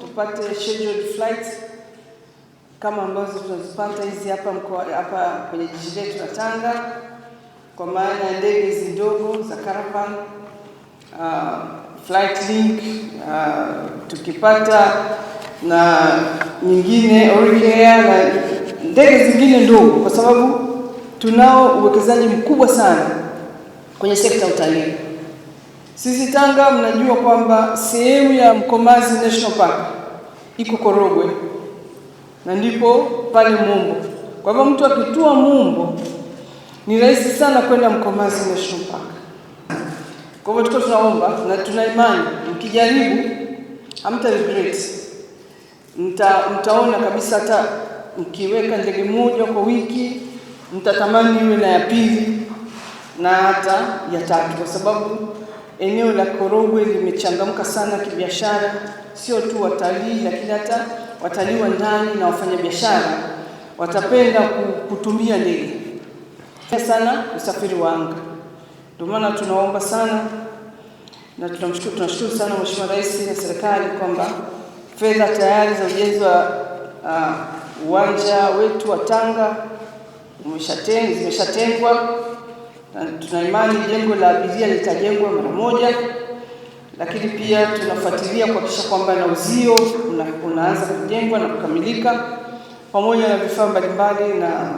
Tupate scheduled flight kama ambazo tunazipata hizi hapa mkoa hapa kwenye jiji letu la Tanga, kwa maana ya ndege hizi ndogo za caravan uh, flight link uh, tukipata na nyingine Origin na ndege zingine ndogo, kwa sababu tunao uwekezaji mkubwa sana kwenye sekta utalii. Sisi Tanga mnajua kwamba sehemu ya Mkomazi National Park iko Korogwe na ndipo pale Mumbo. Kwa hivyo mtu akitua Mumbo ni rahisi sana kwenda Mkomazi National Park. Kwa hivyo tuko tunaomba na tuna imani mkijaribu hamta regret. Mta, mtaona kabisa hata mkiweka ndege moja kwa wiki mtatamani iwe na ya pili na hata ya tatu kwa sababu Eneo la Korogwe limechangamka sana kibiashara, sio tu watalii, lakini hata watalii wa ndani na wafanyabiashara watapenda kutumia ndege sana, usafiri wa anga. Ndio maana tunaomba sana na tunamshukuru, tunashukuru sana Mheshimiwa Rais na serikali kwamba fedha tayari za ujenzi wa uwanja uh, wetu wa Tanga zimeshatengwa. Tuna imani jengo la abiria litajengwa mara moja, lakini pia tunafuatilia kuhakikisha kwamba na uzio una, unaanza kujengwa na kukamilika pamoja na vifaa mbalimbali na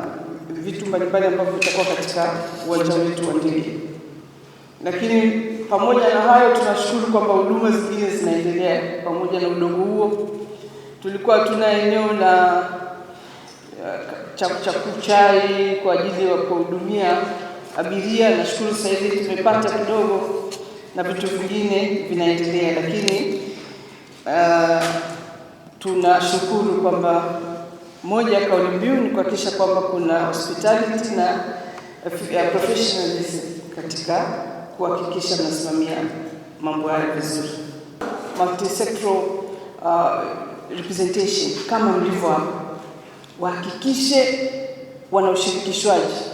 vitu mbalimbali ambavyo vitakuwa katika uwanja wetu wa ndege. Lakini pamoja na hayo, tunashukuru kwamba huduma zingine zinaendelea pamoja na udongo huo. Tulikuwa hatuna eneo la eh, cha kuchai kwa ajili ya kuhudumia abiria. Nashukuru sasa hivi tumepata kidogo na vitu vingine vinaendelea, lakini uh, tunashukuru kwamba moja ya kauli mbiu ni kuhakikisha kwamba kuna hospitality na uh, professionalism katika kuhakikisha mnasimamia mambo hayo vizuri, multisectoral uh, representation kama mlivyo, wahakikishe wana ushirikishwaji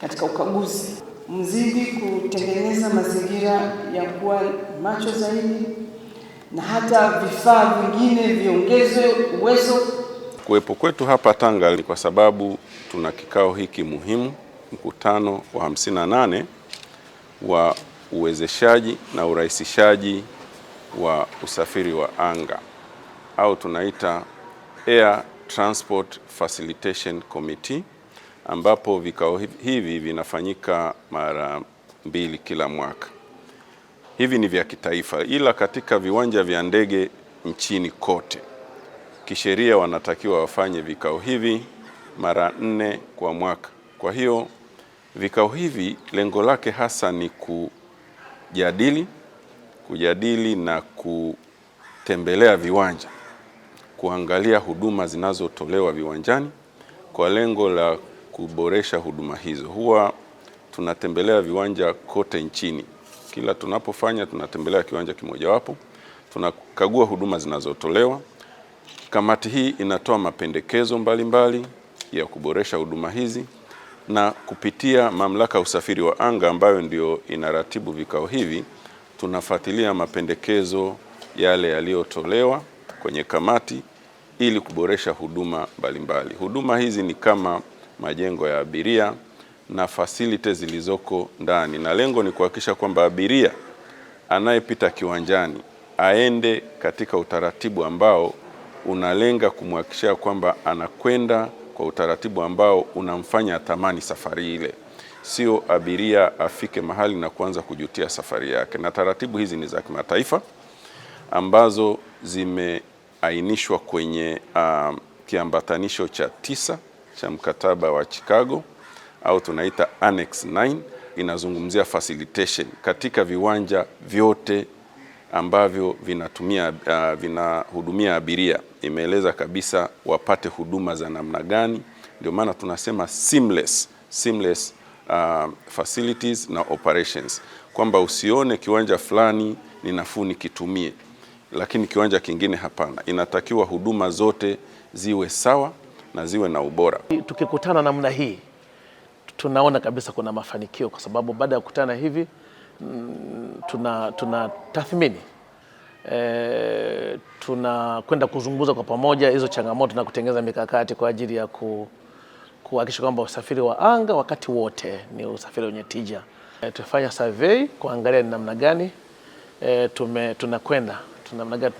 katika ukaguzi. Mzidi kutengeneza mazingira ya kuwa macho zaidi na hata vifaa vingine viongezwe uwezo. Kuwepo kwetu hapa Tanga ni kwa sababu tuna kikao hiki muhimu, mkutano wa 58 wa uwezeshaji na urahisishaji wa usafiri wa anga au tunaita Air Transport Facilitation Committee ambapo vikao hivi vinafanyika mara mbili kila mwaka. Hivi ni vya kitaifa, ila katika viwanja vya ndege nchini kote kisheria wanatakiwa wafanye vikao hivi mara nne kwa mwaka. Kwa hiyo vikao hivi lengo lake hasa ni kujadili kujadili na kutembelea viwanja, kuangalia huduma zinazotolewa viwanjani kwa lengo la kuboresha huduma hizo. Huwa tunatembelea viwanja kote nchini. Kila tunapofanya tunatembelea kiwanja kimojawapo, tunakagua huduma zinazotolewa. Kamati hii inatoa mapendekezo mbalimbali mbali ya kuboresha huduma hizi na kupitia mamlaka ya usafiri wa anga ambayo ndio inaratibu vikao hivi, tunafuatilia mapendekezo yale yaliyotolewa kwenye kamati ili kuboresha huduma mbalimbali. Huduma hizi ni kama majengo ya abiria na facilities zilizoko ndani, na lengo ni kuhakikisha kwamba abiria anayepita kiwanjani aende katika utaratibu ambao unalenga kumhakikishia kwamba anakwenda kwa utaratibu ambao unamfanya atamani safari ile, sio abiria afike mahali na kuanza kujutia safari yake. Na taratibu hizi ni za kimataifa ambazo zimeainishwa kwenye uh, kiambatanisho cha tisa cha mkataba wa Chicago au tunaita Annex 9 inazungumzia facilitation katika viwanja vyote ambavyo vinatumia uh, vinahudumia abiria. Imeeleza kabisa wapate huduma za namna gani, ndio maana tunasema seamless, seamless uh, facilities na operations, kwamba usione kiwanja fulani ni nafuu nikitumie, lakini kiwanja kingine hapana. Inatakiwa huduma zote ziwe sawa na ziwe na ubora. Tukikutana namna hii tunaona kabisa kuna mafanikio, kwa sababu baada ya kukutana hivi mm, tuna, tuna tathmini e, eh, tunakwenda kuzungumza kwa pamoja hizo changamoto na kutengeneza mikakati kwa ajili ya ku, kuhakikisha kwamba usafiri wa anga wakati wote ni usafiri wenye tija. E, eh, tufanya survey kuangalia ni namna gani e, tume tunakwenda namna gani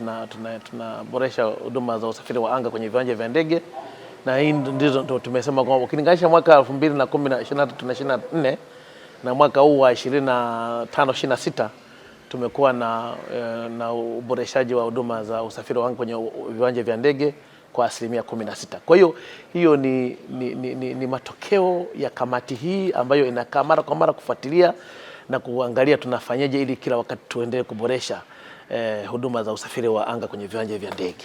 tunaboresha tuna, tuna huduma za usafiri wa anga kwenye viwanja vya ndege na hii ndizo ndo tumesema kwamba ukilinganisha mwaka 2023 na 2024 na mwaka huu wa 25 26 tumekuwa na, eh, na uboreshaji wa huduma za usafiri wa anga kwenye viwanja vya ndege kwa asilimia 16. Kwa hiyo hiyo ni, ni, ni, ni, ni matokeo ya kamati hii ambayo inakaa mara kwa mara kufuatilia na kuangalia tunafanyaje ili kila wakati tuendelee kuboresha eh, huduma za usafiri wa anga kwenye viwanja vya ndege.